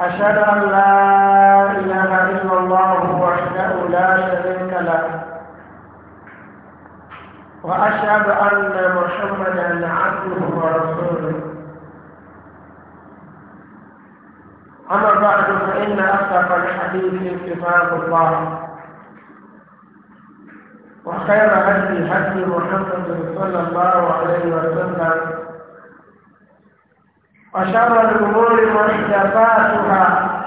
أشهد أن لا إله إلا الله وحده لا شريك له وأشهد أن محمدا عبده ورسوله أما بعد فإن أصدق الحديث كتاب الله وخير هدي هدي محمد صلى الله عليه وسلم وشر الأمور محدثاتها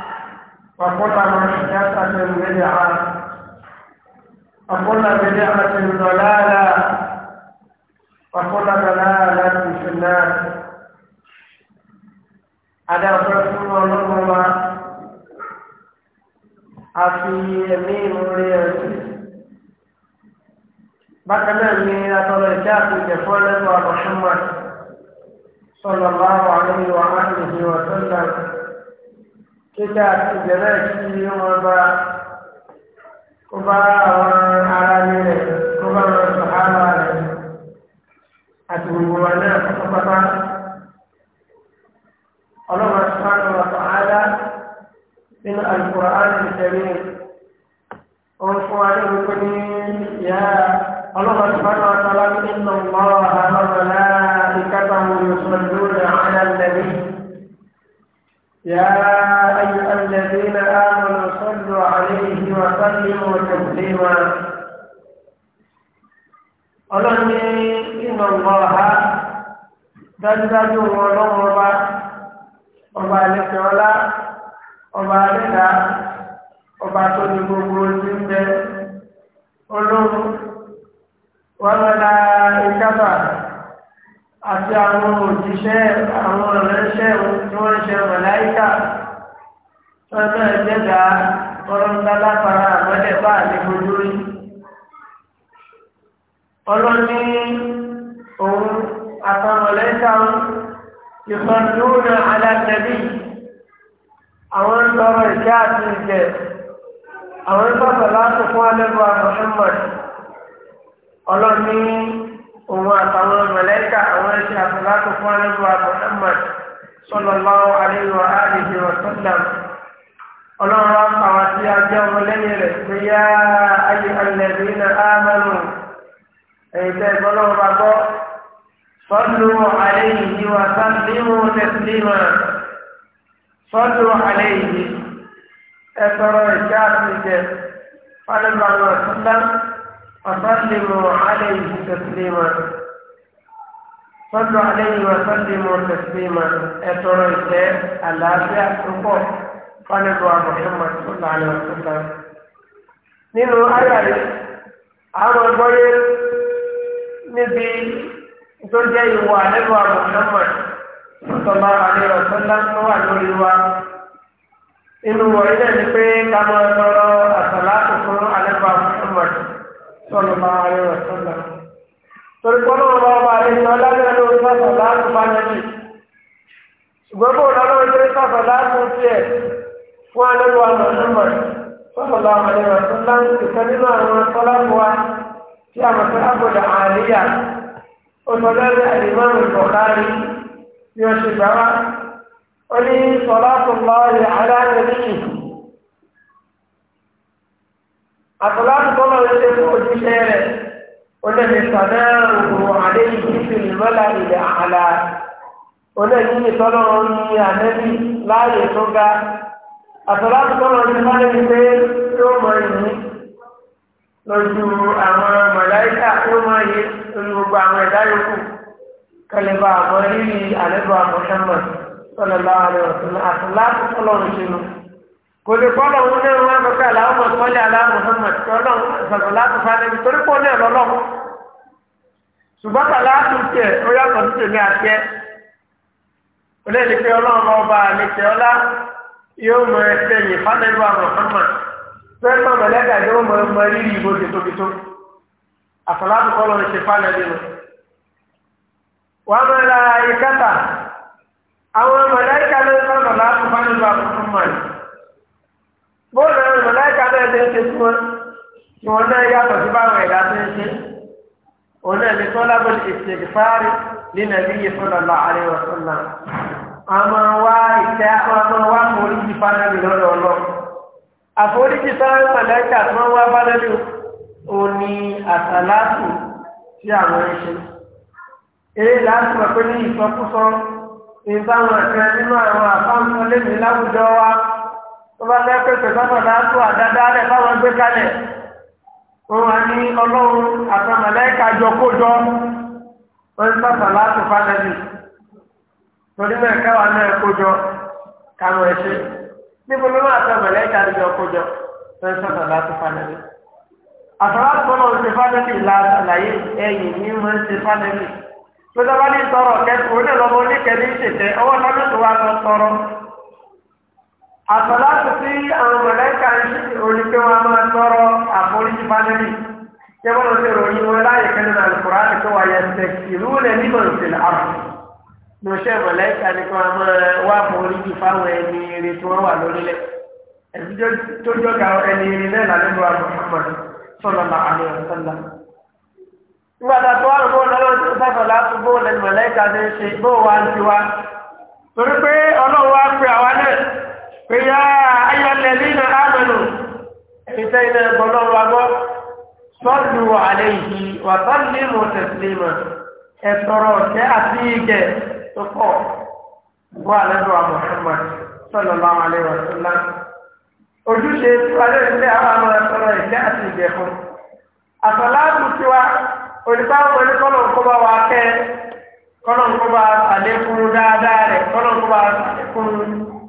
وكل محدثة بدعة وكل بدعة ضلالة وكل ضلالة في النار أنا رسول الله أفي يمين ريس بكنا من أطول الكافي كفولة ومحمد صلى الله عليه وآله وسلم kíkà ìbẹ̀rẹ̀ sí wọn bá kó bá àwọn ará ní rẹ̀ kó bá wọn sàhálà rẹ̀ àti gbogbo wa náà pátápátá ọlọ́run sàhálà wà sàhálà nínú Al-Qur'an Al-Karim òun fún wa ní gbogbo ní ìyá الله سبحانه وتعالى إن الله وملائكته يصلون على النبي يا أيها الذين آمنوا صلوا عليه وسلموا تسليما الله إن الله dájúdájú ọlọ́run ọba ọba àlẹ́kẹ́ ọlá ọba àlẹ́dá ọba tó ní gbogbo ti ń bẹ ọlọ́run wàmàláìkàtà àti àwọn òjíṣẹ́ àwọn ọ̀rẹ́ṣẹ́ tí wọ́n ṣe màláìkà wọ́n náà jẹ́gà ọlọ́ńdá lápára àmọ́lẹ̀ bá àlejò lórí. ọlọ́ní òun àtàmọ̀lẹ́ta ìfọ̀dúnà alátẹ̀bí àwọn ń tọrọ ìṣẹ́ àti ìjẹ àwọn ń tọ́sọ̀ láti fún alẹ́bọ̀ Muhammad ọlọ́run ní òun àtàwọn mẹ̀lẹ́kà àwọn ẹṣin àtàlátò fún alẹ́bù Muhammad sallallahu alaihi wa alihi wa sallam ọlọ́run wa pa àwọn tí a jẹ́ ọmọ lẹ́yìn rẹ̀ pé yá ayé alẹ́bí iná ámánù ẹ̀yìn tẹ́ ìgbọ́lọ́run bá gbọ́ sọ́dún àlẹ́yìn wa sálímù tẹ̀sílímù sọ́dún àlẹ́yìn ẹ̀tọ́rọ̀ ìṣáàtì jẹ́ fálẹ́bù àwọn ọ̀sán وسلموا عليه تسليما صلوا عليه وسلموا تسليما اتروا الشيخ العافية تقول فنبوا محمد صلى الله عليه وسلم nínú ayà yìí àwọn ọgbọ́yé níbi tó jẹ́ ìwà nínú àwọn Muhammad sọ̀tọ̀lá àríwá sọ́lá tó wà lórí wa inú wọ̀nyí náà ni pé ká máa tọrọ àtàlá tuntun àlẹ́bà Muhammad sọ̀rọ̀ máa rẹ̀ rẹ̀ sọ́lá. Torí pọ́nà ọba ọba rẹ̀ sọ lábẹ́ lórí sọ̀tọ̀ láàrú bá nẹ́bí. Ṣùgbọ́n bó lọ́wọ́ ìdílé sọ̀tọ̀ láàrú tiẹ̀ fún àlejò àmọ̀ nímọ̀ sọ̀tọ̀ láàrú rẹ̀ rẹ̀ sọ́lá ń tẹ̀sẹ̀ nínú àwọn sọ́láfọ́ wa tí a mọ̀ sí àbòdà àríyá. Ó sọ lẹ́rìí àdìmọ́rù ìbọ̀kárí bí wọ́n ṣe gbà wá. Ó ní sọ̀lá àtọ́láti tọ́lọ̀ ṣe fún ojúṣe rẹ̀ olóòní sàdáàrùn àdéhùn títí ìrọ́lá ilẹ̀ àlà olóòní tọ́lọ̀ ní ànẹ́bí láàyè tó ga àtọ́láti tọ́lọ̀ ní sáyẹ́bí pé tó mọ ìní lójú àwọn màláíkà tó mọ iye lórí gbogbo àwọn ẹ̀dá yòókù kẹlẹ́bà àmọ́ rírì àlẹ́bà àmọ́ kò lè kọ́ lọ́wọ́ náà wọn lọ́kẹ́ aláwọ̀ sọ́lẹ̀ aláwọ̀ Muhammad kọ́ lọ́wọ́ sọ̀rọ̀ láti fani mi torí pọ́ náà lọ́lọ́wọ́ ṣùgbọ́n kàlá tó tẹ̀ ó yàtọ̀ sí tèmi àti ẹ́ olóyè pé ọlọ́run ọba àlejò ọlá yóò mọ ẹsẹ̀ yìí fánẹ́lúwà Muhammad fẹ́ẹ́ mọ mọ̀lẹ́gà yóò mọ ọmọ rírì ìbò tètòkìtò àfọlábù kọ́ lọ́run ṣe fánẹ́lú nù. wà á máa ra ìkátà àwọn mọ̀lẹ́gà ló ń sọ̀rọ̀ bóòlù ẹ̀rọ mọ̀láìka náà ṣe ṣe fún wọn tí wọn náà yàtọ̀ sí báwọn ẹ̀dá tó ń ṣe òun náà ní tọ́lá bó ti ṣe fáárì nínú ẹbí yìí fún àríwá wa foríjì lọ́dọ̀ ọlọ́ àforíjì wá àtàlásù àwọn èyí láti mọ̀ pé ní ìsọkúsọ ìbáwọn tó bá fẹ́ pèsè sọ́kànlá tó àdáadáa rẹ̀ báwọn gbé kalẹ̀ òun àní ọlọ́run àtọmọ̀lẹ́ka jọ kó jọ wọ́n ń sọ̀tàlá tó fánẹ́lì torí náà káwa náà kó jọ kàwọn ẹ̀ṣẹ́ níbo ló máa àtọmọ̀lẹ́ka jọ kó jọ wọ́n ń sọ̀tàlá tó fánẹ́lì àtọ̀lá tó lọ́wọ́ ṣe fánẹ́lì la àlàyé ẹ̀yìn ní wọ́n ṣe fánẹ́lì tó dábàá ní tọrọ kẹ́kọ̀ọ́ ní ọlọ́mọ oníkẹ́ ní ìṣètẹ́ àtọ̀láti tí àwọn mọ̀lẹ́kà ń ṣe olùkẹ́ wa máa tọrọ àforíjì bá lẹ́nu kí wọ́n lọ sí ìròyìn wọn láyé kan nínú àlùkòrò àti kí wọ́n yẹ ṣe ìlú rẹ̀ nígbà òṣèlú àrùn ní mọ̀lẹ́kà ni kí wọ́n máa wá àforíjì fáwọn ẹni eré tí wọ́n wà lórílẹ̀ ẹ̀sìn tó jọ́ga ẹni eré náà lálẹ́ lọ́wọ́ Muhammad sọ́lọ́lá àlẹ́ ọ̀sánlá nígbàtà tó wà lọ́wọ́ lọ́wọ́ sáfà láti bó lẹ́nu mọ̀lẹ́kà ní ṣe bó wa ń ti wa torí pé ọlọ́wọ́ á pe àwa náà pé yá ayọ̀lẹ̀ nínú àmàlù ìfẹ́ iná gbọ́dọ̀ wà gbọ́ sọ́ọ̀lù àlẹ́ yìí wà sọ́ọ̀lù mọ̀ tẹ̀sílẹ̀mọ̀ ẹ̀tọ́rọ̀ ọ̀kẹ́ àti ìgẹ̀ tó pọ̀ wà lẹ́dọ̀ Muhammad sallallahu alaihi wasallam ojúṣe tiwa lórí ilé àwọn àmọ́ ẹ̀tọ́rọ̀ ìgẹ̀ àti ìgẹ̀ fún àtọ̀láàbù kọ́lọ̀ ńkọ́bá wa kẹ́ kọ́lọ̀ dáadáa rẹ̀ kọ́lọ̀ ńkọ́bá àlékún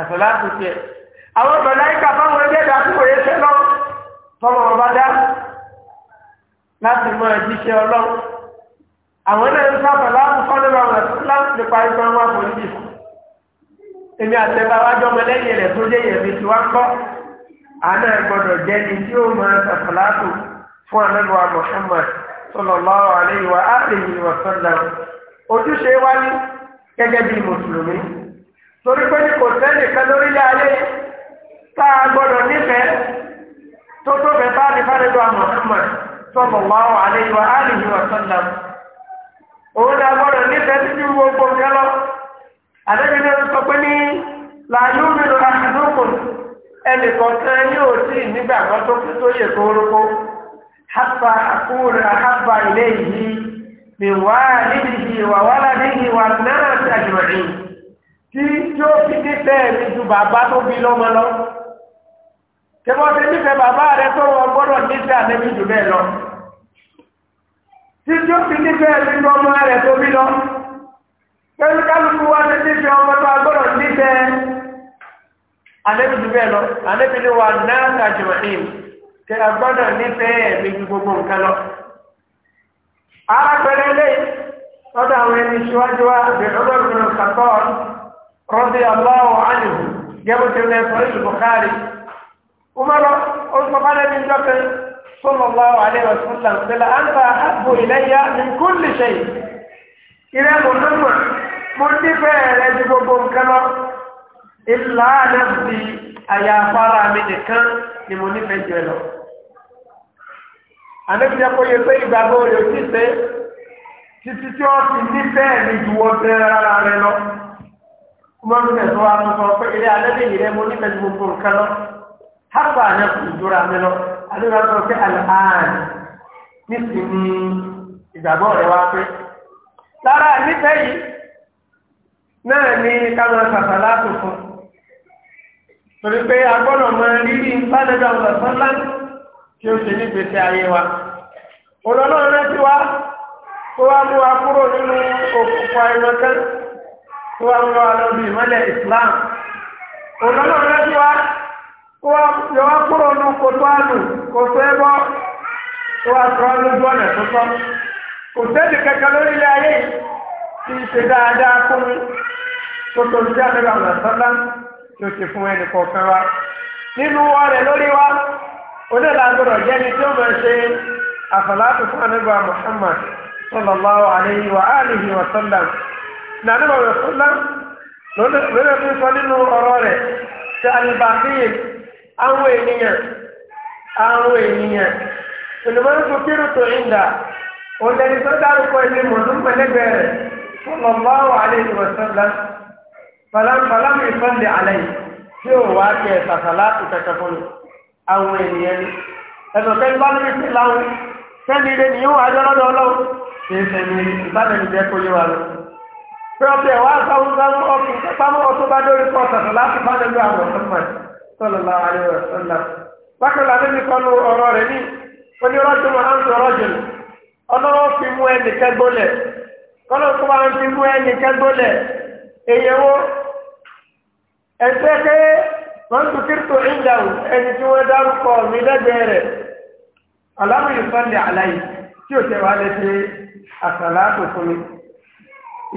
àtọ̀lá tó tiẹ̀. àwọn ọ̀bẹ̀lá ìka fáwọn ẹgbẹ́ ìdá tó wòye fẹ́ lọ tọ́lọ̀ ọba dá láti mọ ẹ̀jíṣẹ́ ọlọ́ àwọn náà ń sábà láti fọ́lẹ́ bá wọn láti nípa ìgbà wọn àforíjì èmi àtẹ̀bá wájú ọmọ lẹ́yìn rẹ̀ tó jẹ́ yẹ̀mí tí wọ́n kọ́ àná ẹ̀gbọ́dọ̀ jẹ́ ni tí ó máa sàfàlá tó fún ànábìwá Muhammad sallallahu alaihi wa alihi wa sallam ojúṣe wáyé torí pé kò sẹ́nìkan lórílẹ̀ ayé tá a gbọ́dọ̀ nífẹ̀ẹ́ tó tó bẹ̀ bá ní fàlejò Muhammad sallallahu alaihi wa alihi wa sallam òun ni a gbọ́dọ̀ nífẹ̀ẹ́ títí gbogbo nǹkan lọ àdébí náà sọ pé ní làyé omi ló ra àdókò ẹnì kọ̀ọ̀kan yóò tí ì nígbàgbọ́ tó kú tó yẹ kórókó hafa àkúrò àhàbà ilé yìí mi wá nídìí wà wá ládìí wà náà ti àjùmọ̀ tí tí ó fi nífẹ̀ẹ́ mi ju bàbá tó bí lọ́mọ lọ. Tẹ́wọ́ ti nífẹ̀ẹ́ bàbá rẹ tó wọ́n gbọ́dọ̀ nífẹ̀ẹ́ àlẹ́bí jù bẹ́ẹ̀ lọ. Tí tí ó fi nífẹ̀ẹ́ mi ju ọmọ rẹ tó bí lọ. Pẹ̀lú kálukú wa ti nífẹ̀ẹ́ ọmọ tó agbọ́dọ̀ nífẹ̀ẹ́ àlẹ́bí jù bẹ́ẹ̀ lọ. Àlẹ́bí ni wà náà kàjùmọ̀ ní kẹ agbọ́dọ̀ nífẹ̀ẹ́ mi ju gbogbo nǹkan lọ. Arákùnrin lẹ́yìn àwọn ẹni ṣíwájú rọ́dí aláwọ̀ ánì gẹ́gùtì ní ẹ̀sọ́ ìlú Bukhari umaru olùsọ̀kọ́lẹ̀ ní jọ́kẹ́ sọ́lọ́láwọ̀ àdéhùn sílẹ̀ sílẹ̀ à ń ta àbò ìlẹ́yà ní kúlì ṣe ìrẹ́ mọ̀ nínú mo ní bẹ́ẹ̀ rẹ̀ ju gbogbo nǹkan lọ ìlà àdébùtì àyàfara mi nìkan ni mo nífẹ̀ẹ́ jẹ lọ. àdébùtì kò yẹ pé ìgbàgbọ́ rẹ̀ ò tí ì títí tí wọ́n fi nífẹ̀ẹ́ mi ju wọ́n fẹ́ rárá rẹ lọ umaru ne zuwa mu sọ pé ilé alẹ́bí yìí rẹ mo ní pẹ̀lú gbogbo nǹkan lọ hápà ní ìjọra mi lọ alẹ́bí sọ pé alhàn nísìnyí ìgbàgbọ́ rẹ wá pé lára nífẹ̀ẹ́ yìí náà ní káwọn sàfà láàtò fún torí pé agbọ́dọ̀ mọ rírì ìbánidá ọ̀sán sọ́lá tí ó ṣe ní gbèsè ayé wa olólùwọ́n rántí wa kó wá mú wa kúrò nínú òkùnkùn àìmọ̀kẹ́ kó wá ń wá lọ bí Islam òdòdó rẹ̀ tí wá kó wá yọ wá kúrò nù kó tó àlù kó tó ẹ bọ́ kó wá sọ lójú ọ̀nà tó tọ́ kò sẹ́ni kankan lórí ilé ayé tí í ṣe dáadáa fún mi tó tó ní jáde lọ ọ̀nà sọ́lá tí ó ti fún ẹnì kọ̀ọ̀kan wa nínú wa rẹ̀ lórí wa onílàgbọ̀dọ̀ jẹ́ni tí ó máa ṣe àfàlátù fún anábà Muhammad sallallahu alayhi wa alihi wa sallam nàní ọ̀rọ̀ fúnlá lónà fi sọ nínú ọ̀rọ̀ rẹ̀ ṣe àlùbáfíì àwọn ènìyàn àwọn ènìyàn ìlúmọ̀rún tó kéré tó ń dà òǹdẹ̀ni tó dárúkọ ilé mọ̀ọ́dún pẹ̀lẹ́gbẹ̀ẹ́ rẹ̀ sallallahu alayhi wa sallam fàlámù ìfọ́lẹ̀ àlẹ́ tí ó wá kẹ́ sàkàlá ìkẹ̀kẹ̀ fún àwọn ènìyàn ní ẹ̀sọ̀ tẹ́lẹ̀ bá lórí sí láwọn tẹ́lẹ̀ ilé ni yóò wá jọ́rọ́dọ̀ ọlọ́run kì í sẹ́ni ìbánẹ̀lẹ̀ jẹ́ kó yé wa Rọ́bẹ̀ wá sáwùsá ọ̀tún pamọ́ ọ̀tún dórí pọ̀tàtà láti bá lẹ́lú àwọn ọ̀sánmà sọ̀lọ̀lá àríwá sọ̀lá. Bákan láti ní kọ́nu ọ̀rọ̀ rẹ̀ ní onírọ́jú máa ń sọ̀rọ̀ jù ọlọ́wọ́ fi mú ẹnì kẹ́gbólẹ̀ tó máa ń fi mú ẹnì kẹ́gbólẹ̀ èyẹ̀wò ẹni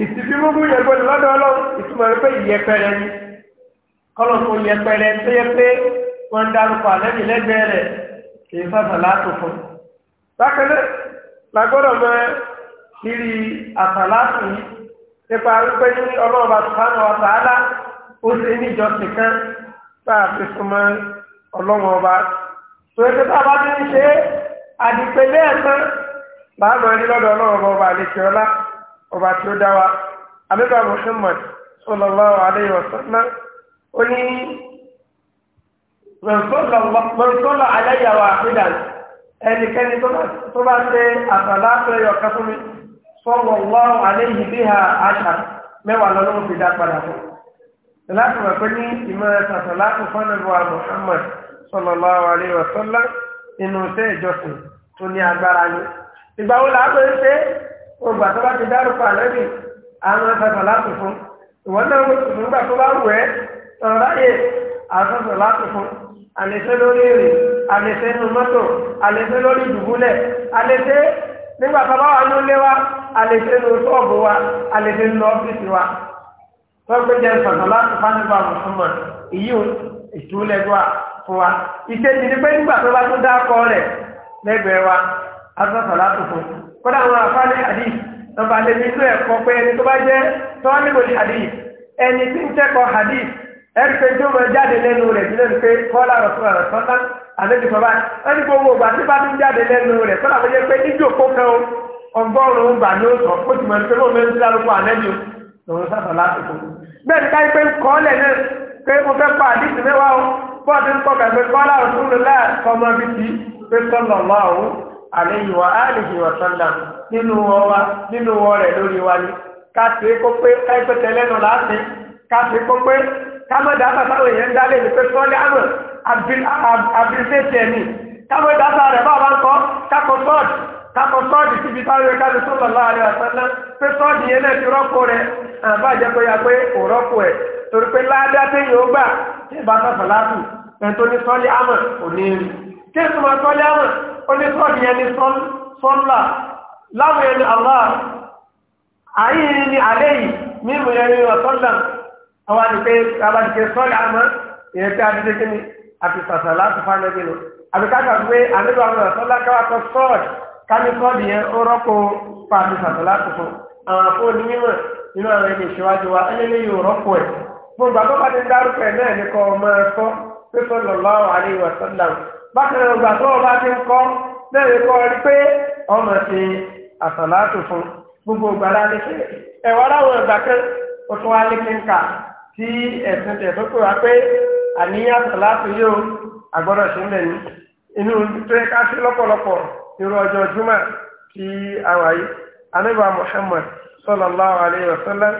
ìsìnkú yẹpẹ lọ́dọ̀ ọlọ́run ìtumọ̀ rẹ pé ìyẹpẹrẹ ni kọlọ́kùn yẹpẹrẹ tó yẹ pé wọ́n ń darúkọ àlẹ́bí lẹ́gbẹ̀ẹ́ rẹ̀ kì fàfà fún la gbọ́dọ̀ yìí nípa wípé ní sùpánù ó ṣe kan tá a fi súnmọ́ ọba. tòun ti a bá ti ń ṣe ọba tí ó dá wa abẹ́bà Muhammad sallallahu alayhi wa sallam ó ní mọ̀nsọ́lọ̀ aláyàwó àfídà ẹnikẹ́ni tó bá ṣe àtàlátọ̀ ẹyọ kan fún mi sallallahu alayhi biha àṣà mẹ́wàá lọ́lọ́wọ́ fi dá padà fún mi láti wà pé ní ìmọ̀ ẹ̀sàtọ̀ láti fọ́nàbọ̀ Muhammad sallallahu alaihi wa sallam inú iṣẹ́ ìjọsìn tó ìgbà wo làá pé ń ṣe ògbà tó bá ti dárúkọ àlẹ́bì àwọn afẹ́fẹ́ láti fún ìwọ́n náà ló tuntun gbà tó bá wù ẹ́ ọ̀rọ̀ ayé afẹ́fẹ́ láti fún àlẹ́sẹ́ lórí èrè àlẹ́sẹ́ nu mọ́tò àlẹ́sẹ́ lórí ìdùbúlẹ̀ àlẹ́sẹ́ nígbà tó bá wà ní ilé wa àlẹ́sẹ́ nu sọ́ọ̀bù wa àlẹ́sẹ́ nu ọ́fíìsì wa tọ́gbẹ́ jẹ́ fẹ̀fẹ́ láti fánibà mùsùlùmọ̀ ìyí ìtúlẹ̀gbà fún wa ìkejì ni pé nígbà tó bá tún dá kọ́ rẹ̀ lẹ́gbẹ̀ẹ́ wa afẹ́fẹ́ láti fún kọ́dá àwọn àfáàní àdì nọmba lè ní inú ẹ̀kọ́ pé ẹni tó bá jẹ́ tọ́nímù àdì ẹni tí ń kẹ́kọ̀ọ́ àdì ẹni pé tí ó máa jáde lẹ́nu rẹ̀ sílẹ̀ ní pé kọ́lá rọ̀tún rọ̀tún náà àlejò bàbá ẹni gbogbo ògbà tí bá ti ń jáde lẹ́nu rẹ̀ kọ́lá mo jẹ́ pé níjó kó kan o ọgọ́rùn-ún gbà ní oṣù ó ti mọ̀ ní pé mo máa ń dárúkọ àlejò lòun sábà lásìkò bẹ́ẹ̀ ká pé kọ́lẹ̀ náà pé mo fẹ́ pa àdìsí mẹ́wàá o bọ́ọ̀dù ń kọ́ kàgbé kọ́lá rọ̀tún rẹ̀ láà kọ́ ọmọ bíi ti pé sọ́lọ̀ lọ́wọ́ àlẹ́yìn wa áàlìjì ọ̀sánlá nínú ọwa nínú ọwọ́ rẹ̀ lórí wa ni káàpé kó pé káìpẹ́tẹ lẹ́nu láti káàpé kó pé kámọ́dá àtàwọn èèyàn dálé ní pé sọ́ọ́lẹ́ àmọ́ àbírísẹ́sì ẹ̀mí kámọ́dá àtà rẹ̀ bá wà kọ́ kákọ́ sọ́ọ̀dì kákọ́ sọ́ọ̀dì síbi táwọn ẹ̀ka torí pé gbà tí ìbá látù ẹ̀ tó ní jésù máa tọ́ lẹ́mọ̀ ó ní sọ́ọ̀dì yẹn ní sọ́ńlá láwọn ẹni allah àyè ni alẹ́ yìí mímu yẹn ní ọ̀sọ́ńlá àwọn àdìpé àbàdìpé sọ́ọ̀lá àmọ́ ìyẹn tí a ti dé kíni àti sàṣà láti fáná bí lọ àbí káàkà pé àníbà àwọn ọ̀sọ́lá káwá kọ sọ́ọ̀dì káni sọ́ọ̀dì yẹn ó rọ́pò fáàbí sàṣà láti fún àwọn bákan ọgbà tó ọba ti ń kọ́ lẹ́yìn kọ́ rí pé ọmọ ti àsàlátù fún gbogbo ìgbà láti ṣe ẹ̀wọ́n láwọn ìgbà kan ó tún wá ní kíńkà tí ẹ̀sìn tẹ̀ tó pè wá pé àníyàn àsàlátù yóò àgbọ́dọ̀ ṣe ń bẹ̀ ní inú tó yẹ ká sí lọ́pọ̀lọpọ̀ irú ọjọ́ júmọ̀ tí àwọn ayé anábà Muhammad sallallahu alayhi wa sallam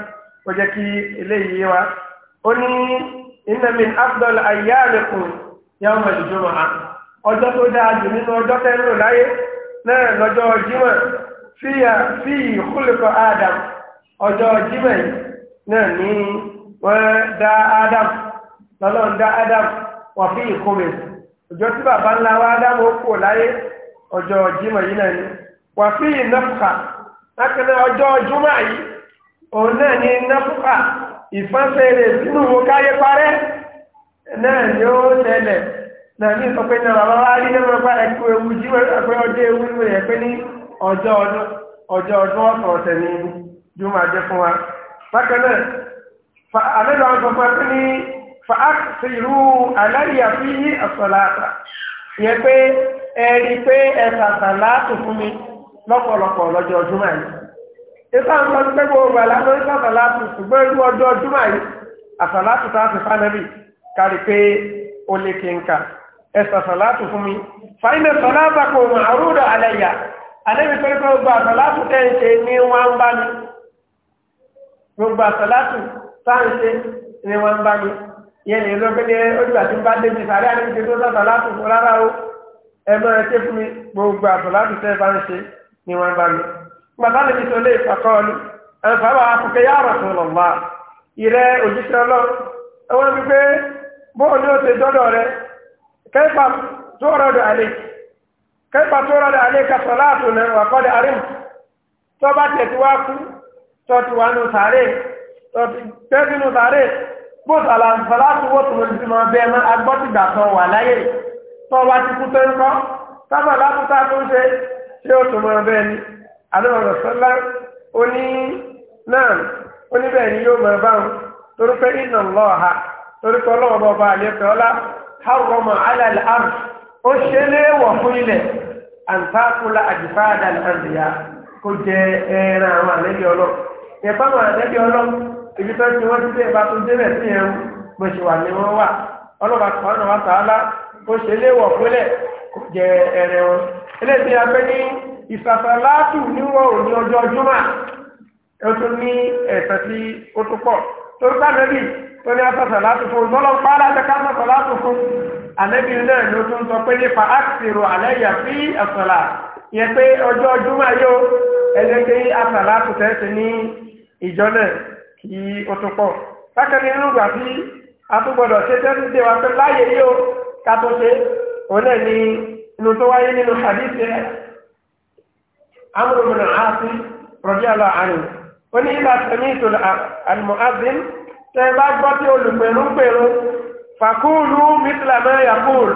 ó ọjọ́ tó dáa jù nínú ọjọ́ tẹ́lú láyé náà lọ́jọ́ jímọ̀ fi ìkúlùkọ́ Adam ọjọ́ jímọ̀ náà ní wọ́n dá Adam lọ́lọ́run dá Adam wà fi ìkúmi ọjọ́ tí bàbá ńlá wa Adam ó kò láyé ọjọ́ jímọ̀ yìí náà ni wà fi ìnáfùkà náà ni ó tẹ̀lẹ̀ nàní sọ pé náà bàbá wa rí lẹ́wọ̀n pa ẹ̀kú ewu jí ẹ̀pẹ́ ọjọ́ ewu ní wọ̀nyẹ̀ pé ní ọjọ́ ọdún ọjọ́ ọdún ọ̀sán ọ̀sẹ̀ ní ju máa jẹ fún wa. bákan náà fa àlejò àwọn sọfún ẹgbẹ́ ní fa àṣírù aláìyá fi yí àsọ̀láta ìyẹn pé ẹ rí i pé ẹ sàṣà láàtò fún mi lọ́pọ̀lọpọ̀ lọ́jọ́ ọdún máa yìí. ìfà ń sọ ẹ̀sà sàlátù fún mi fàínà sàlátà kò mọ̀ àrúdọ̀ àlẹ́yà alẹ́bí pẹ́lú pé gbogbo àsàlátù tẹ́ ń ṣe ní gbogbo àsàlátù tá ń ṣe ní wọ́n ń bá mi yẹn lè lọ pé ní olùgbà tí ń bá débi gbogbo àsàlátù tẹ́ bá ń ṣe كيف تورد عليك كيف تورد عليك صلاتنا وقد أرمت tọ́ba tẹ̀síwájú tọ́tù wà nù sàárè tẹ́sí nù sàárè bó sàlàǹsàlà tó wọ́n tó lójú ma bẹ́ẹ̀ mọ́ agbọ́tìgbà kan wà láyé tọ́ba ti kú tẹ́ ń kọ́ sábà ni harrama ala al-ard ó ṣe léèwọ̀ fún ilẹ̀ àǹtàkùlà àdìfáàdà àdìyà kó jẹ ẹran àwọn àlẹ́bí ọlọ́ ẹ̀fọ́ àwọn àlẹ́bí ọlọ́ ibi tó ti wọ́n ti dé ìbátan débẹ̀ sí ẹ̀rù gbèsè wà ní wọ́n wà ọlọ́ba kan wà tààlà ó ṣe léèwọ̀ fúnlẹ̀ kó jẹ ẹran wọn eléyìí abẹ́ ní ìsàfàlátù níwọ̀n òní ọjọ́ jùmọ̀ ẹ̀ tó ní afẹ́sọ̀ láti fún ìgbọ́lọ́ pa láti ká sọ̀tọ̀ láti fún àlẹ́bí náà ló tún sọ pé nípa àṣìrò àlẹ́ yà fi ẹ̀sọ̀là yẹ pé ọjọ́ ọdúnmá yóò ẹlẹ́gbẹ́ àṣàlá tó tẹ̀sí ní ìjọ náà kí ó tó pọ̀. bákan nínú ìgbà tí a tún gbọdọ̀ ṣe tẹ́sí dé wa pé láàyè yóò ká ṣe òun ní inú tó wáyé nínú hadith amúlòmùnà àti rọ̀bíàlà àrùn. ó ní ilà sẹ́mi ìtòlù tẹ́ bá gbọ́ tí olùpẹ̀rún pẹ̀rún fàkúùlù mítìlá mẹ́rin yàkúùlù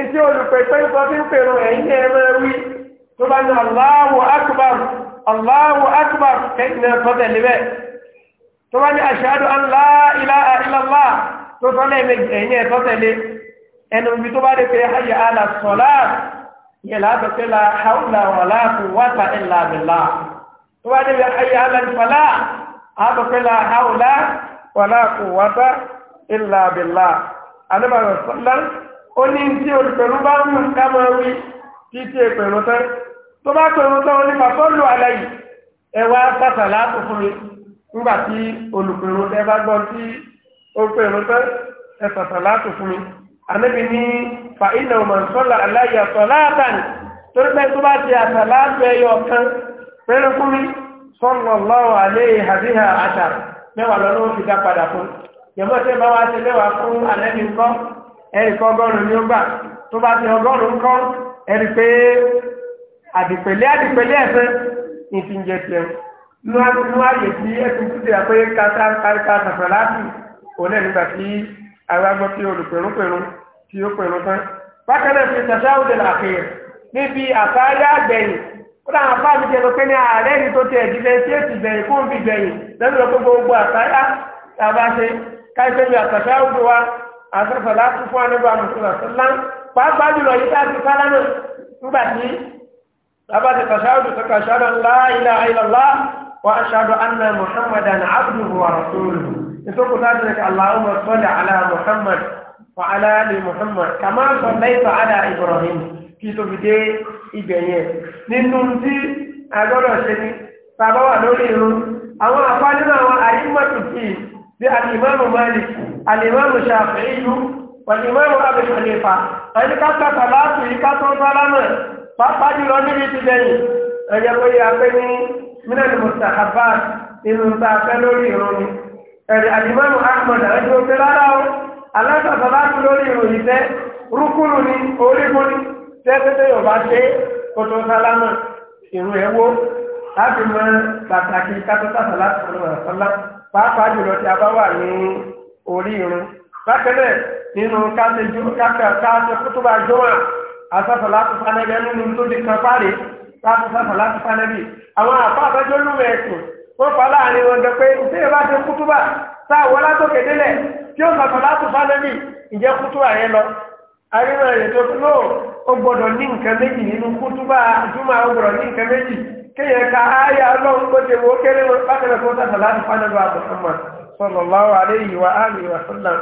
ìtí olùpẹ̀pẹ̀ sọ tí ń pẹ̀rún ẹ̀yìn ẹ̀ máa wí tó bá ní Allahu akbar Allahu akbar kẹ́yìn náà tọ́tẹ̀ níbẹ̀ tó bá ní ashhadu an la ilaha illallah tó sọ lẹ́ẹ̀mejì ẹ̀yìn ẹ̀ tọ́tẹ̀ lé ẹnu ibi tó bá dé pé hayya ala salat yẹ láàbẹ̀ la hawla wala quwwata illa billah tó bá dé pé hayya ala falah àbẹ̀ la hawla wàlá quwwata illa billah anábàrọ̀ sọ́lá ó ní tí olùpẹ̀lú bá ń mú ká máa wí títí ìpẹ̀rù tán tó bá pẹ̀rù tán ó ní bàbá lò alẹ́ yìí ẹ wá sàtàlá tó fún mi nígbà tí olùpẹ̀rù tẹ bá gbọ́ tí ó pẹ̀rù tán ẹ sàtàlá tó fún mi anábì ní fa iná man salla alayya salatan torí pé tó bá ti àtàlá tó ẹyọ kan pẹ̀rù fún mi sallallahu alaihi mẹ́wàá lọ́nà ó fi dá padà fún yẹ̀mọ́ tẹ́ bá wá ṣe mẹ́wàá fún ànẹ́bí ńkọ́ ẹ̀rì kọ́ ọgọ́rùn-ún ni ó gbà tó bá ti ọgọ́rùn-ún kọ́ ẹ̀rì pé àdìpẹ̀lẹ́ àdìpẹ̀lẹ́ ẹ̀fẹ́ ìfìjẹ tiẹ̀ nú àyè tí ẹ̀sìn títí àpé kàtà kàtà sàfẹ̀ láti òun ẹ̀ nígbà tí arágbọ́ tí olùpẹ̀rúnpẹ̀rún tí ó pẹ̀rún tán bákan náà fi tàṣáwùdẹ̀ làkèèrè níbi àtàyà àgbẹ̀yìn ó dáhà bá mi jẹ́ lọ pé ní ààrẹ ni tó tiẹ̀ ti bẹ̀rẹ̀ tí ó ti bẹ̀rẹ̀ kó ń fi bẹ̀rẹ̀ lẹ́nu lọ pé gbogbo àtàyà tàbá ṣe káṣẹ́ mi àtàṣà òdo wa àtàṣà láti fún anábà mùsùlùmá sọ́lá pàápàá jùlọ yìí ká ti tó kàṣà náà ibẹ̀ yẹn nínú tí agbọ́dọ̀ ṣe ni bàbá wà lórí irun àwọn àpá nínú àwọn àyíkmọ̀tò tí bí alìmọ́mù Malik alìmọ́mù Shafi'i ìlú pẹ̀lúmọ́mù Abu Hanifa ẹni ká pàtà láti ìká tó sálámà pàápàá jùlọ níbi ti lẹ́yìn ẹ̀yẹ pé yà pé ní minal mustahabbat nínú ta fẹ́ lórí irun ni ẹ̀rì alìmọ́mù Ahmad ẹni tó fi rárá o alága bàbá lórí irun yìí fẹ́ rúkúrú ni orígun ni sẹ́kẹ́tẹ́ yóò bá dé kótó sálámà ìrù ẹ̀ wó láti mọ pàtàkì kátọ́tà sàlátì sọlá pàápàá jùlọ tí a bá wà ní orí irun bákẹ́lẹ̀ nínú káṣejú káṣe kótó bá jọ́wọ́ àṣàṣà láti fanẹ́bí ẹnu ní tó di kan fáre láti ṣàṣà láti fanẹ́bí àwọn àpá àbẹ́jọ́ lùmọ̀ ẹ̀sùn wọ́n fa láàrin wọn jẹ pé ìṣẹ́yẹ bá ti kútúbà sáà wọlá tó kéde lẹ̀ tí ó ṣàṣà láti fanẹ́bí ìjẹ́ kútúbà yẹn lọ àríwá ẹ̀yẹ tó tún náà ó gbọ́dọ̀ ní nǹkan méjì nínú kútúbà àjúmọ̀ ó gbọ́dọ̀ ní nǹkan méjì ka ááyà ọlọ́run tó ṣe wò kéré wọn bákan náà kó láti fánàlú àbùsùnmọ̀ sallallahu alayhi wa alihi wa sallam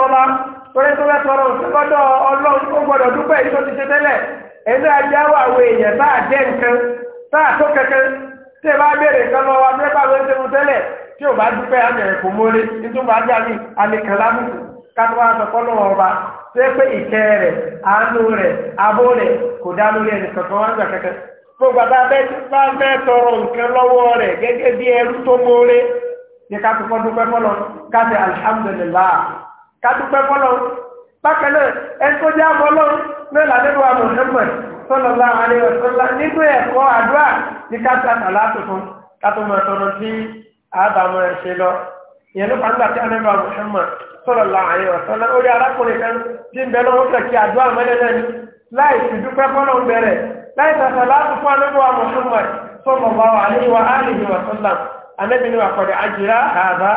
a tọ́lẹ́ tó bá tọrọ òṣèlọ́dọ̀ ọlọ́run tó gbọ́dọ̀ dúpẹ́ yìí tó ti ṣe tẹ́lẹ̀ ẹ̀mí ajáwọ̀ àwọn èèyàn bá jẹ́ nǹkan bá tó kankan tí ẹ bá béèrè nǹkan lọ́wọ́ abẹ́ bá wọ́n ṣe mu tẹ́lẹ̀ tí ò bá dúpẹ́ àmẹ̀rẹ̀ kò mórí nítorí bá dá mi alẹ́kàn lábùkù kátó wá sọ kọ́ lọ́wọ́ ọba tó yẹ pé ìkẹ́ rẹ̀ àánú rẹ̀ abó rẹ̀ kò dá lórí ẹnì kankan wá gbà kankan gbogbo àbá bá fẹ́ tọrọ nǹkan lọ́wọ́ rẹ̀ gẹ́gẹ́ bí ẹrú tó mórí ní kátó kọ́ dúpẹ́ fọlọ́ káṣí alihamudulilayi kádúpẹ́ fọlọ́ bákan náà ẹni tó jẹ́ àfọlọ́ náà làdébò àmọ̀ ẹ̀mọ̀ sọlọ́lá àlẹ́ ọ̀sọ́lá nínú ẹ̀kọ́ àdúrà ní káta àlá tuntun kátó máa tọrọ sí àbámọ̀ ẹ̀ṣẹ̀ lọ ìyẹn ló fàánù àti àlẹ́ àmọ̀ ẹ̀mọ̀ sọlọ́lá àlẹ́ ọ̀sọ́lá ó rí arákùnrin kan tí ń bẹ lọ́wọ́ fẹ̀ kí àdúrà mẹ́lẹ́ náà ni láì sì dúpẹ́ fọlọ́ ń bẹ̀rẹ̀ láì tàṣà láti fún àlẹ́bò àmọ̀ ẹ̀mọ̀ sọlọ́lá àlẹ́ wa àlẹ́ ọ̀sọ́lá àlẹ́bìnrin àkọ́dẹ̀ àjìrá àbá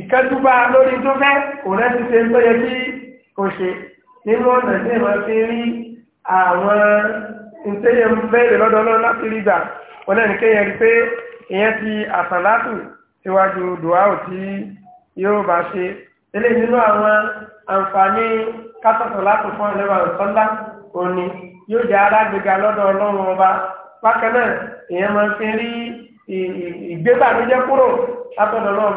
ìkẹ́dúbà lórí tó fẹ́ kò rẹ́sì ṣe ń tọ́yẹ sí kò ṣe nínú ọ̀nà tí ìmọ̀ fi rí àwọn ìtẹ́yẹ ń bẹ̀rẹ̀ lọ́dọ̀ ọlọ́run láti rí gbà wọn náà nìkẹ́yẹ rí pé ìyẹn ti àsàlátù síwájú dùáwò tí yóò bá ṣe eléyìí nínú àwọn àǹfààní kásọ̀tọ̀ láti fún ẹlẹ́wà ìsọ́lá òní yóò jẹ́ alágbèéga lọ́dọ̀ ọlọ́run ọba bákan náà ìyẹn fi rí ìgbébàmíjẹ́ kúrò látọ̀dọ̀ ọlọ́run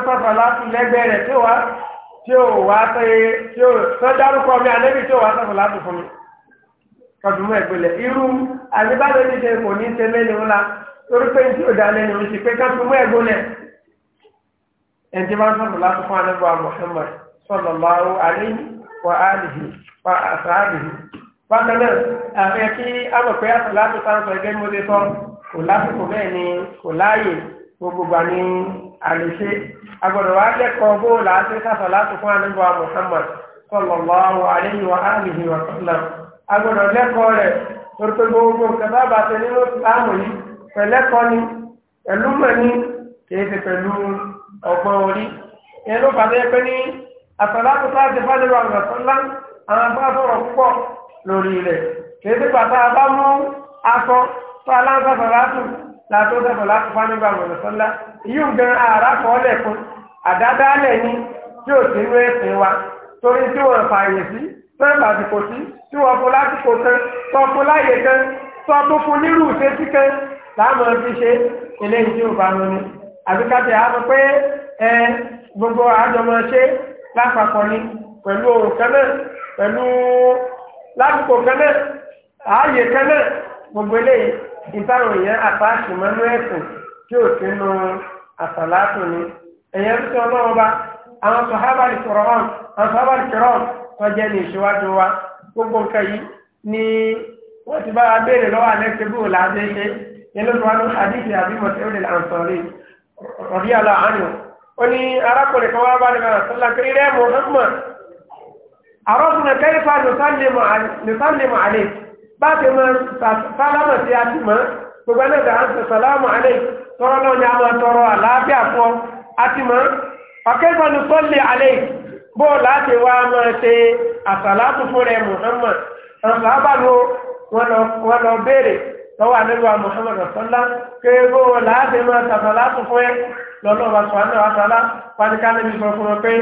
sọ́sọ́fà láti lẹ́gbẹ̀ẹ́ rẹ̀ tí ó wá tí ó wá pé tí ó sọ dárúkọ mi àlẹ́bí tí ó wá sọ́sọ́ láti fún mi kọ̀dùnmọ́ ìpìlẹ̀ irú àdébálẹ̀ ti ṣe kò ní ṣe mẹ́ni ńlá torí pé tí ò dá lẹ́nu ti pé kọ́dùnmọ́ ẹ̀gbọ́n lẹ̀ ẹni tí wọ́n sọ̀rọ̀ láti fún àlẹ́bọ̀ Muhammad sallallahu alayhi wa alihi gbogbo gba ní àlèṣe agbọ́dọ̀ wa lẹ́kọ̀ọ́ bó làásì sàfà láti fún àníbọ̀ Muhammad sallallahu alaihi wa alihi wa sallam agbọ́dọ̀ lẹ́kọ̀ọ́ rẹ̀ torí pé gbogbo nǹkan bá bàtẹ nínú ìsìlámù yìí pẹ̀lẹ́kọ́ ni pẹ̀lú mọ̀ ni kìí ṣe orí ìyẹn ló pé ní àtàlátò láti fájọba àgbàsọ́lá àwọn abáfọ̀rọ̀ púpọ̀ lórí rẹ̀ kìí pàtàkì abámú akọ tó aláǹsàfàlátù látó dẹ̀bọ̀ láti bá nígbà wọ̀lọ̀ sọ́lá yíò gan ara kọ́ọ́lẹ̀ fún àdádálẹ̀ ni tí ò sí inú ẹ̀sìn wa torí tí wọ́n fààyè sí sẹ́ńtà àsìkò sí tí wọ́n fún lásìkò kan tó fún láyè kan tó tó fún nírú ìṣesí kan láàmú fi ṣe eléyìí tí ò bá wọn ni àbíkájẹ á sọ pé ẹ gbogbo àjọmọ ṣe lápapọ̀ ni pẹ̀lú ohun kan náà pẹ̀lú lásìkò kan náà ààyè kan náà gbogbo eléyìí ìbáwọn èèyàn àpáàtì mọ́nú ẹ̀sìn tí ò sí nu àsàlátù ni èèyàn tó sọ lọ́wọ́ bá àwọn sọ̀hábàlì sọ̀rọ̀ hàn àwọn sọ̀hábàlì sọ̀rọ̀ hàn tó jẹ́ ní ìṣíwájú wa gbogbo nǹkan yìí ni wọ́n ti bá wa béèrè lọ́wọ́ alẹ́ ṣe bí òòlà adé ṣe yẹn ló ti wá ní àdìsí àbí mọ̀tẹ́wìlì àǹsọ̀rì ọ̀rí àlọ́ àánú ó ní arákùnrin kan wá bá ní bàbá sọ́lá pé rẹ́ mọ̀ ọ́n mọ̀ àrọ́kùnrin kẹ́rìfà lùsàlẹ̀ mọ̀ àlè báàkì máa sálámà sí àti mọ́ gbogbo ẹni ẹ̀dá àti sàlámù alẹ́ tọrọ náà ni a máa tọrọ àlàáfíà fún ọ àti mọ́ ọ̀kẹ́gbọ́n ni sọ́ọ̀lì alẹ́ bó láti wá máa ṣe àsàlámù fún rẹ Muhammad ọ̀sàbàlù wọn lọ béèrè lọ́wọ́ àdébíwá Muhammad ọ̀sọ́lá kéèkó láti máa sàsàlámù fún ẹ lọ́nà ọba sọ̀hánà àsàlá pàdékánẹ́bí sọ fún ọ pé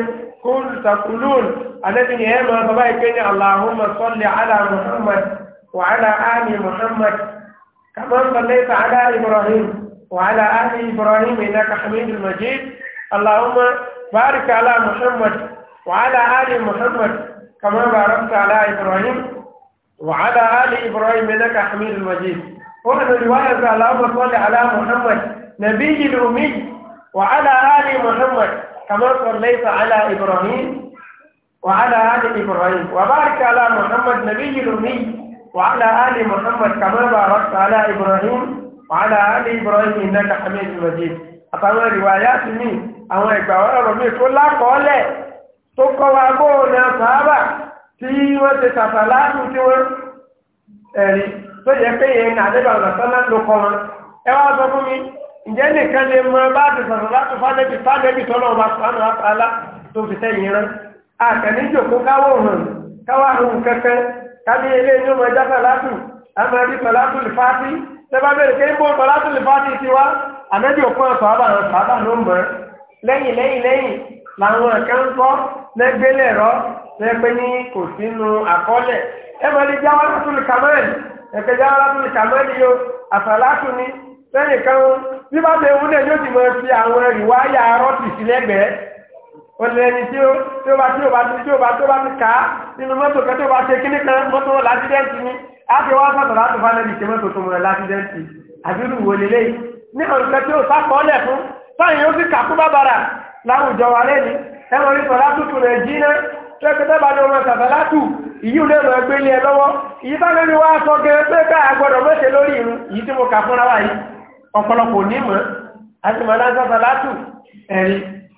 Muhammad وعلى آل محمد كما صليت على إبراهيم وعلى آل إبراهيم إنك حميد مجيد اللهم بارك على محمد وعلى آل محمد كما باركت على إبراهيم وعلى آل إبراهيم إنك حميد مجيد ومن رواية اللهم صل على محمد نبي الأمي وعلى آل محمد كما صليت على إبراهيم وعلى آل إبراهيم وبارك على محمد نبي الأمي وعلى آل محمد كما باركت على إبراهيم وعلى آل إبراهيم إنك حميد مجيد àtàwọn rìwáyàtì mi àwọn ìgbàwọ́ ọ̀rọ̀ mi tó lákọọ́lẹ̀ tó kọ́ wa bóòlù àtàbà tí wọ́n ti tàtà láàrú tí wọ́n ẹ̀rí tó yẹ pé lè mọ bá ti tàtà láti fádẹ́bì fádẹ́bì tọ́lọ́ ọba tó fi tẹ́yìn rán. kábí ilé ní ọmọ ẹja sàlátù amadi sàlátù lìfàtì tẹ́bá bẹ̀rẹ̀ pé bó sàlátù lìfàtì ti wá ànábì òkú ọ̀sọ̀ àbà àwọn sàbà ló mọ̀ ẹ́ lẹ́yìn lẹ́yìn lẹ́yìn làwọn kan kọ́ lẹ́gbẹ́lẹ̀ rọ lẹ́gbẹ́ ní kò sínú àkọọ́lẹ̀ ẹ máa lè jáwọ́ látún kàmáàlì ẹ̀kẹ́ jáwọ́ látún kàmáàlì yóò àsàlátù ni lẹ́yìn kan bí bá ṣe wúlẹ̀ yóò ti mọ̀ fi àwọn ìwáyà arọ́tì sílẹ̀gbẹ̀ẹ́ olùrẹ́ni tí ó tí ó bá tí ó bá tí ó bá tí ó bá ti kà á nínú mọ́tò kan tí ó bá ṣe kíní kan mọ́tò wọn lásìdẹ́ǹtì ni á fi wá sọ̀tọ̀ láti fún ẹni ìṣe mọ́tò tó wọn lásìdẹ́ǹtì àdúrú wo lélẹ̀ yìí ní ọ̀rùn kan tí ó sákọọ́lẹ̀ fún fáyìn ó sì kà fún bàbàrà láwùjọ wa lẹ́ni ẹ̀wọ̀n rí sọ̀rọ̀ àtúntò rẹ̀ jí náà tẹ́kẹ́tẹ́ bá ní ọmọ sàfẹ́látù ìyí lè lọ ẹgbẹ́ ilé ẹ lọ́wọ́ ìyí bá lórí wá sọ gẹ́gẹ́ pé ká àgbọ̀dọ̀ mẹ́sẹ̀ lórí irun ìyí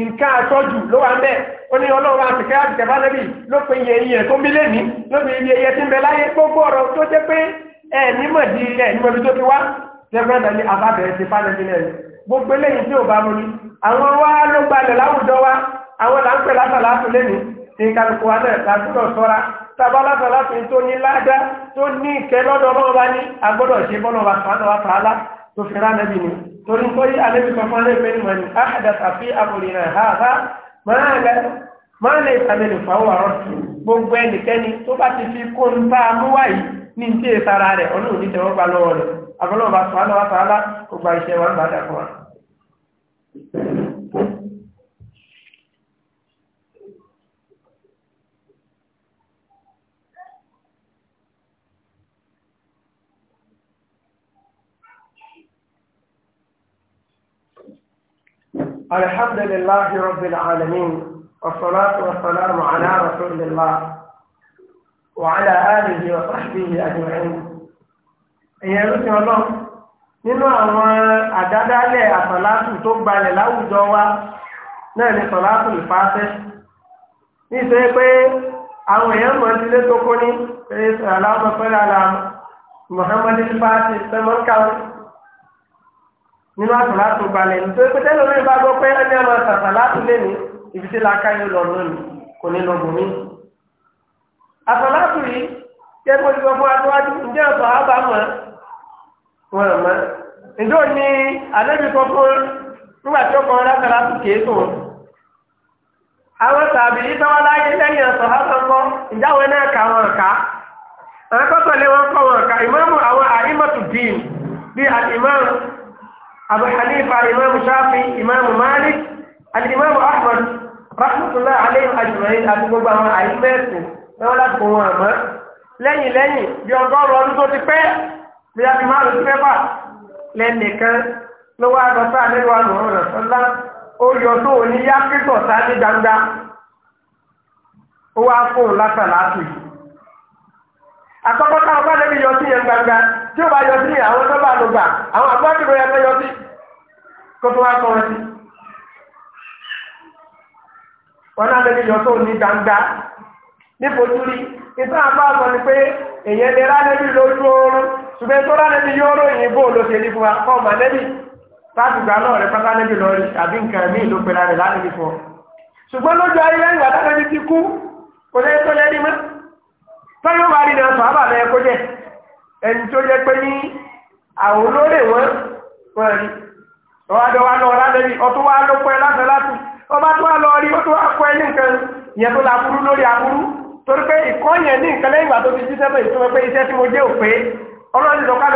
nǹkan àtọ́jù ló wà ń bẹ̀ ó ní ọlọ́run àtìkẹ́ àtìkẹ́bá lẹ́bí ló pe iye iye tó ń bí lẹ́ni ló fi iye iye tí ń bẹ láyé gbogbo ọ̀rọ̀ tó jẹ́ pé ẹ nímọ̀ di ẹ nímọ̀ ibi tó ti wá jẹ́gbẹ́ndà ní abábẹ̀rẹ̀ ti fánẹ́bí lẹ́nu gbogbo eléyìí tí ò bá mu ni àwọn wa ló gbalẹ̀ láwùjọ wa àwọn là ń pè lásàlásù lẹ́ni ìkàlùkù wa náà làgbọ́dọ̀ sọ́ra tàbá lásàlásù tó ní ládá tó ní ìkẹ́ lọ́dọ̀ ọlọ́run bá ní agbọ́dọ̀ ṣe bọ́lọ̀ wa sàánà wa tààlà tó fi ni torí kó yí alẹ́ bí kankan lè fẹ́ mọ̀ ní àdàtà ah, fi àkùnrin àhàhà máa lè sàmìlì fáwọn ọ̀rọ̀ gbogbo ẹnikẹ́ni tó bá ti fi kó ń bá a mú wáyé ní ti ìsara rẹ̀ ọlọ́run ní الحمد لله رب العالمين والصلاة والسلام على رسول الله وعلى آله وصحبه أجمعين ìyẹn ló ti ọlọ́run nínú àwọn àdádálẹ̀ àsàlátù tó gbalẹ̀ láwùjọ wa náà ni sọ̀látù ìfàṣẹ nítorí pé àwọn èèyàn mọ̀ sílé tó kó ní pé sọ̀látù pẹ̀lú àlà Muhammadu fàṣẹ sẹ́mọ́ńkà nínú àtúntò balẹ̀ nítorí pé tẹ́lẹ̀ lórí bá gbọ́ pé ẹni ọmọ tàtà láti lé ní ibi tí làákà yóò lọ lónìí kò ní lọ bùnmí. àtàlátù yìí jẹ́ kó lọ fún adúwájú ǹjẹ́ ọ̀sán àbá mọ̀ wọn mọ̀. ǹjọ́ ni àlejò kan fún nígbà tí ó kọ́ ọ́ látàlátù kìí tó. àwọn tàbí ìtọ́wọ́ láyé lẹ́yìn ọ̀sán àbá ìjáwé náà ká. wọn ká àwọn àìmọ̀tù أبو حنيفة الإمام الشافعي إمام مالك الإمام أحمد رحمة الله عليهم أجمعين أبو بابا أيمتي ولا بوما lẹ́yìn lẹ́yìn bí ọgọ́rùn ọdún tó ti pẹ́ bí a fi máa lò sí mẹ́fà lẹ́nìkan ló wá lọ sí àlẹ́wà lòun rẹ̀ sọ́lá ó yọ tó ní yá pípọ̀ sáré gbangba ó wá fóun látàlátì yìí àkọ́kọ́ táwọn bá lẹ́bi yọ sí yẹn gbangba tí ó bá yọ sí àwọn tó bá lò gbà àwọn àgbàdìbò yẹn tó yọ sí kó tó wá kọ́ wọn sí. wọn náà lẹ́bi yọ sóò ní gbangba nífojúrí ìtàn àbá sọ ni pé èyàn lè rá lẹ́bi lójú oorun ṣùgbọ́n tó rá lẹ́bi yóò ròyìn bó ló ṣe ní fún wa kọ́ ọ̀mà lẹ́bi fásitì náà rẹ̀ pátá lẹ́bi lọ rí àbí nǹkan míì ló pera rẹ̀ lálẹ́bi fún ọ tọ́yọ́ wà nínú ọ̀sán àbàbẹ̀ ẹ̀kọ́ jẹ́ ẹni tó jẹ́ pé ní àwọn olóòlè wọn wọn rí ọwọ́ àjọ wa lọ lálẹ́bí ọtún wa ló pẹ́ lásán látù ọba tó wà lọ rí ó tó wà kọ́ ẹ ní nǹkan yẹn tó la burú lórí aburú torí pé ìkọ́ yẹn ní nǹkan lẹ́yìn ìgbà tó ti jíṣẹ́ bẹ́ẹ̀ ìtumọ̀ pé iṣẹ́ tí mo jẹ́ òpè ọlọ́run lọ́ka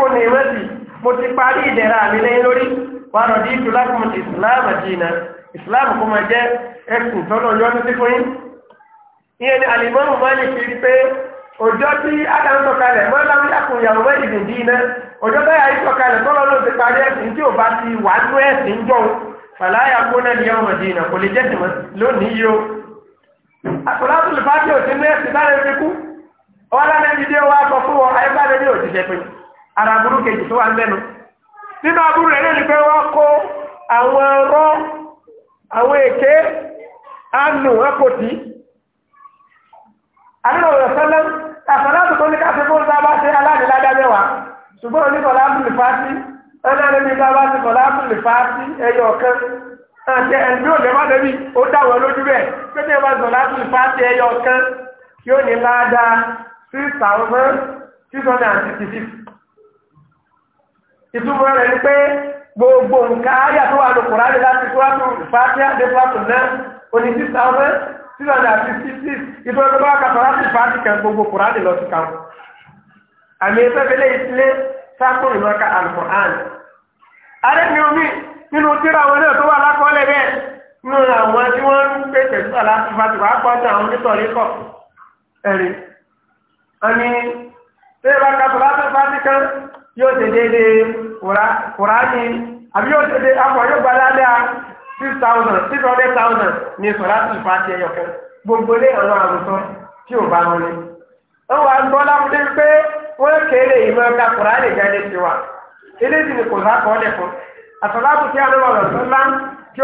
lórí àdìyẹ ti parí ìdẹ̀ra mi lẹ́yìn lórí wàrọ̀ dí ìtùlákùn ìsìláàmù àdínà ìsìláàmù kò máa jẹ́ ẹkùn tọ́lọ̀ yọ́nú sí fún yín. ìyẹn ni àlìmọ́mù máa lè fi pé òjò tí adam sọ̀kalẹ̀ mọ́ láwọn yàkùn ìyàwó mẹ́rin dì dín iná òjò bẹ́ẹ̀ ayé sọ̀kalẹ̀ tọ́lọ̀ ló ti parí ẹ̀sìn tí ò bá ti wà nú ẹ̀sìn jọ fàlàyà kóná ni yàwó mẹ́dínà kò lè jẹ́ sìnmọ́ lónìí yìí o. àtúntò fàájì òsín ní ẹ̀sìn sáré fi kú ọlọ́run ẹni dé wá sọ fún wọn ayé bá lè ní òṣìṣẹ́ pé ara burúkú èjì tó wà ń bẹ́nu nínú aburú rẹ̀ náà ni pé wọ́n kó àwọn ọ̀rọ̀ àwọn èké àánú àpòtí àdínà ọ̀rọ̀ sẹ́lẹ̀ àfẹ́láàtò tó ní káfí fún sábà ṣe aláàdínládá mẹ́wàá ṣùgbọ́n oníkọ̀lá fún lè fásí ẹ̀nà níbi sábà ṣe kọ̀lá fún lè fásí ẹyọ ọ̀kan àti ẹ̀mí ò lè má ó dáwọ̀ lójú bẹ́ẹ̀ pé ní ẹ̀ bá sọ̀lá fún lè fásí ẹyọ ọ̀kan yóò ní ládàá six thousand six hundred and sixty six ìtumọ̀ rẹ̀ ni pé gbogbo nǹkan ayà tó wà ní kùránì láti tíwájú ìfàtíà dé pàtó náà oní six thousand six hundred and fifty six ìtumọ̀ tó bá kàtó láti ìfàtí kan gbogbo kùránì lọ sí kan. àmì ìfẹ́fẹ́lẹ́ ìdílé sáàkó ìlọ́ka alukur'an. arẹ́bìnrin omi nínú tíra àwọn náà tó wà lákọọ́lẹ̀ bẹ́ẹ̀ nínú àwọn tí wọ́n ń pè pẹ̀lú àláfi fàtí wàá pọ́jú àwọn nítorí kọ̀ ẹ̀rí. àmì tẹ́lẹ̀ bá kàtó láti ìfàtí kan yóò ṣe déédéé kùránì àbí yóò ṣe déédéé akọ̀ yóò six thousand six hundred thousand ní sọ̀rọ̀tì ìfàtí ẹ̀yọ̀ gbogbo lé àwọn àrùsọ tí ò bá wọn ó wà ń gbọ́ pé wọ́n ìmọ̀ ẹ̀ka jáde sí wa ni kò sá kọ́ tí a lọ́wọ́ tí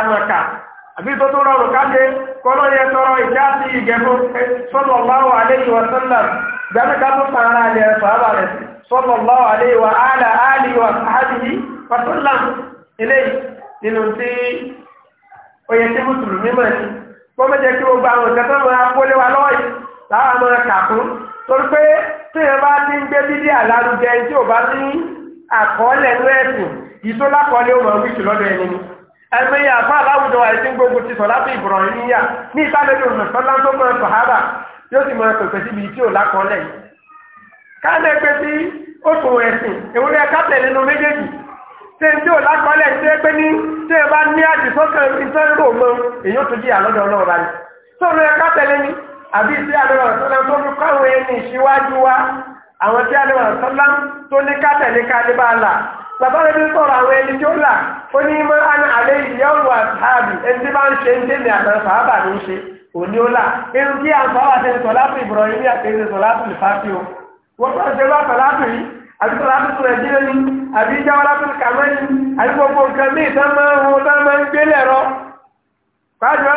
ó àwọn àbí tó tó rọrùn káde kọ́lọ́ yẹ tọrọ ìjà sí ìgẹ̀kọ́ sallallahu alaihi wa sallam gbẹ́mẹ́ta tó sàárà alẹ́ ẹ̀fọ́ àbàrẹ̀ sallallahu alaihi wa ala alihi wa sahbihi wa sallam ilé nínú tí ó yẹ kí mùsùlùmí mọ̀ ní wọ́n mẹ́jẹ kí gbogbo àwọn ìkẹtọ́ máa kólé wa àkọọ́lẹ̀ ní ẹ̀sìn ìtòlákọọ́lẹ̀ wíṣù lọ́dọ̀ ẹni ẹ̀mẹ́yẹ àfá aláwùjọ àìsí gbogbo ti sọ láti ìbùrọ̀yìn níyà ní ìtàlẹ́lẹ́ òun nìkan láńtó mọ́ ẹ̀ sọ̀hábà yóò sì mọ ẹ̀ pèpè síbi tí ò lákọọ́lẹ̀ yìí. káàlẹ́ pé sí oṣù ẹ̀sìn ìwúrẹ́ kátẹ̀ nínú méjèèjì ṣé tí ò lákọọ́lẹ̀ ṣe é pé ní tí ẹ bá ní àdìsọ́kàn ìtọ́rọ̀ mọ́ èyí ó tún jìyà lọ́dọ̀ ọlọ́run báyìí. sọ̀rọ̀ ẹ̀ kátẹ̀ lẹ́ni àbí sí àlọ́ ọ̀sán tó fi káwọn ẹni ìṣíwájú wa àwọn tí àlọ́ ọ̀sán tó ní kátẹ̀ ní ká bàbá rẹ̀ bí sọ̀rọ̀ àwọn ẹni tí ó là ó ní mọ́ ana àlẹ́ ìyáwó àtàbí ẹni tí bá ń ṣe ń tẹ̀lé àtàn sàábà ní ṣe òní ó là irun kí àwọn sàábà ṣe ń sọ láti ìbùrọ̀ ilé àtẹ̀yẹ sọ láti ìfàfi o wọ́n tó ṣe bá sọ láti rí àti sọ láti sọ ẹ̀jẹ̀ ní àbí jáwọ́ láti kàmọ́ ní àti gbogbo nǹkan míì tán máa ń wọn tán máa ń gbélé ẹ̀rọ pàjọ́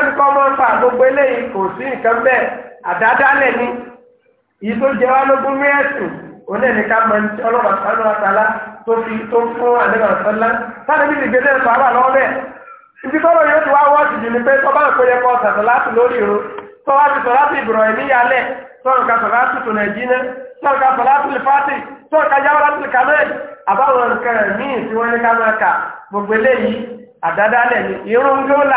wọn ti kọ́ tó fi tó fún àdébà sọ́lá sáré bí ìgbésẹ̀ ń sọ̀rọ̀ lọ́wọ́ bẹ́ẹ̀ ibi tọ́lọ̀ yóò ti wá wọ́ ti jù ní pé tó bá ń pè yẹ kọ́ sàtọ̀ láti lórí ìró tó wá ti sọ̀rọ̀ láti ìbùrọ̀ ẹ̀mí yálẹ̀ sọ̀rọ̀ ká sọ̀rọ̀ láti tòun ẹ̀jí náà sọ̀rọ̀ ká sọ̀rọ̀ láti fati sọ̀rọ̀ ká yáwó láti kàmẹ́ẹ̀lì àbáwọn nǹkan míì tí wọ́n ní ká máa kà gbogbo eléyìí àdádálẹ̀ ni irun ìmọ̀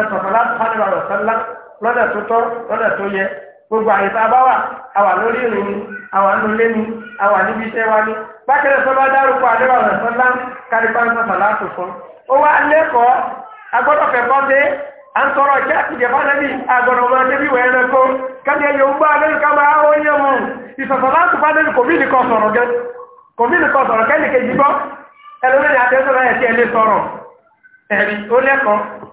ẹ̀sọ̀kọ̀ láti fani wa rọ̀ lọ́nà tó tọ́ lọ́nà tó yẹ gbogbo àyè tá a bá wà àwà lórí ìrìn àwà nínú ilé àwà níbi iṣẹ́ wa ni bákẹ́rẹ́ sọ́lá dárúkọ àdéhùn ọ̀nà sọ́lá kárípá ń sọ̀tà láàtò fún ó wá lẹ́kọ̀ọ́ agbọ́dọ̀ kẹ́kọ́ dé à ń sọ̀rọ̀ kí àtijọ́ fánẹ́bí àgọ́dọ̀ ọmọ ẹgbẹ́ bí wẹ́ẹ́ lẹ́kọ́ kájẹ yóò gbọ́ amẹ́ríkà máa ó yẹ mọ́ ìsọ̀tà láàtò fánẹ́bí kò bílì kan sọ̀rọ̀ gẹ́ kò kan sọ̀rọ̀ kẹ́nìkejì gbọ́ ẹlòmíràn àtẹ́sọ̀rọ̀ ẹ̀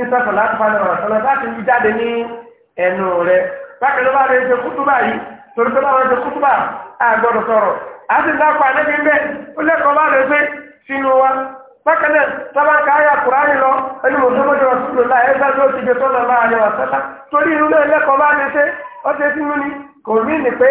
ìsọ̀tọ̀ láti fa náà sọ̀rọ̀ láti fi jáde ní ẹnu rẹ̀ bákan náà bá rẹ̀ ṣe kútúbà yìí torí pé báwọn ṣe kútúbà àgbọ̀dọ̀ sọ̀rọ̀ a sì dákọ̀ àdébí bẹ́ẹ̀ ó lẹ́kọ̀ọ́ bá rẹ̀ ṣe sínú wa bákan náà sábà ká yà kúránì lọ ẹni mọ̀sánmọ́jọ́ sùlù láì ẹ̀ṣá ló ti gbé tọ́lọ̀ láàrin wàsánlá torí irú náà lẹ́kọ̀ọ́ bá rẹ̀ ṣe ó ṣe sínú ni kò rí ni pé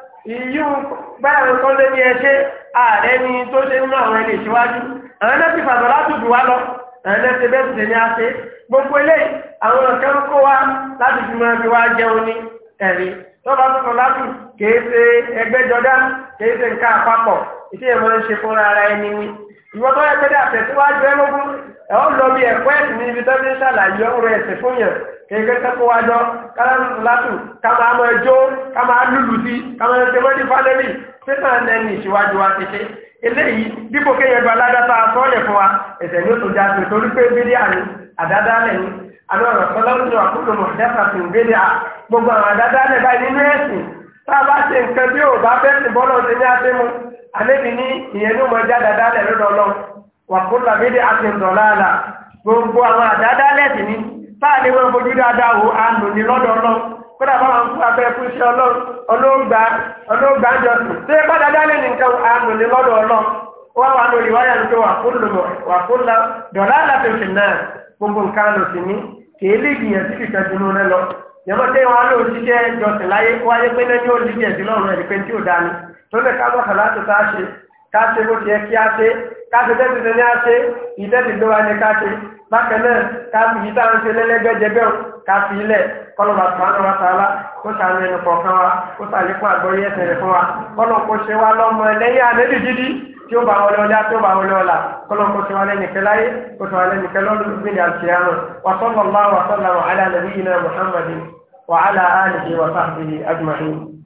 ìyú báyìí kọ́ lé ní ẹṣẹ́ ààrẹ ní tó ṣe nínú àwọn ẹni ìṣíwájú àwọn ẹni ti fàtọ̀ láti dùn wá lọ àwọn ẹni ti bẹ́ẹ̀ tẹ̀lé àṣẹ gbogbo àwọn wa láti fi máa fi wá jẹun ní ẹ̀rí tó bá láti kèé ṣe ẹgbẹ́jọdá kèé ṣe nǹkan àpapọ̀ ìmọ̀ ń ṣe fúnra ara ẹni ni tó yẹ pé dé àtẹ̀síwájú ẹ̀ ó lọ bí kẹ̀kẹ́ tẹ́kọ̀ wá jọ kama ká máa mọ ẹjọ́ ká máa lùlù sí ká máa ṣe mọ́dí fánẹ́lì sẹ́sàn lẹ́nu ìṣíwájú wa ti ṣe eléyìí dípò kéèyàn gba aládàtà sọ́ọ̀lẹ̀ fún wa ẹ̀sẹ̀ ní oṣù jáde torí pé bídí àní àdáda lẹ́nu àwọn ọ̀rọ̀ sọlọ́dún àkúrò mọ̀ dáfà sí bídí à gbogbo àwọn àdáda lẹ́ báyìí nínú ẹ̀sìn táà ní wọn fojú dáadáa wò á nù ní lọ́dọ̀ ọlọ́run kódà bá wọn fún abẹ́ fún iṣẹ́ ọlọ́run ọlọ́gbà ọlọ́gbà ń jọ sùn tó yẹ bá dáadáa lè nìkan á nù ní lọ́dọ̀ ọlọ́run wọ́n wà lórí wáyà ń tó wà fún lọ dọ̀lá látòkè náà gbogbo nǹkan lò sí ní kèé lè gbìyànjú kìkẹ́ dunu rẹ lọ yẹmọ tẹ wọn lọ òṣìṣẹ́ jọsìn láyé wáyé pé náà ní òṣìṣẹ́ ìdílọ́run ẹ̀ káṣe bó ti yẹ kí á ṣe káṣe tẹ́tù tó ní á ṣe ìtẹ́tù tó wá ní káṣe bákan náà káṣe yìí táwọn ṣe lẹ́lẹ́gbẹ́jẹgbẹ́ ò káṣe ilẹ̀ kọlọ́ba sàánù wa tààlà kó sàánù ẹnu kọ̀ọ̀kan wa kó sàlékún àgbọ̀yé ẹsẹ̀ rẹ̀ fún wa kọ́nà kó ṣe wá lọ́mọ ẹlẹ́yìn àdébì dídí tí ó bá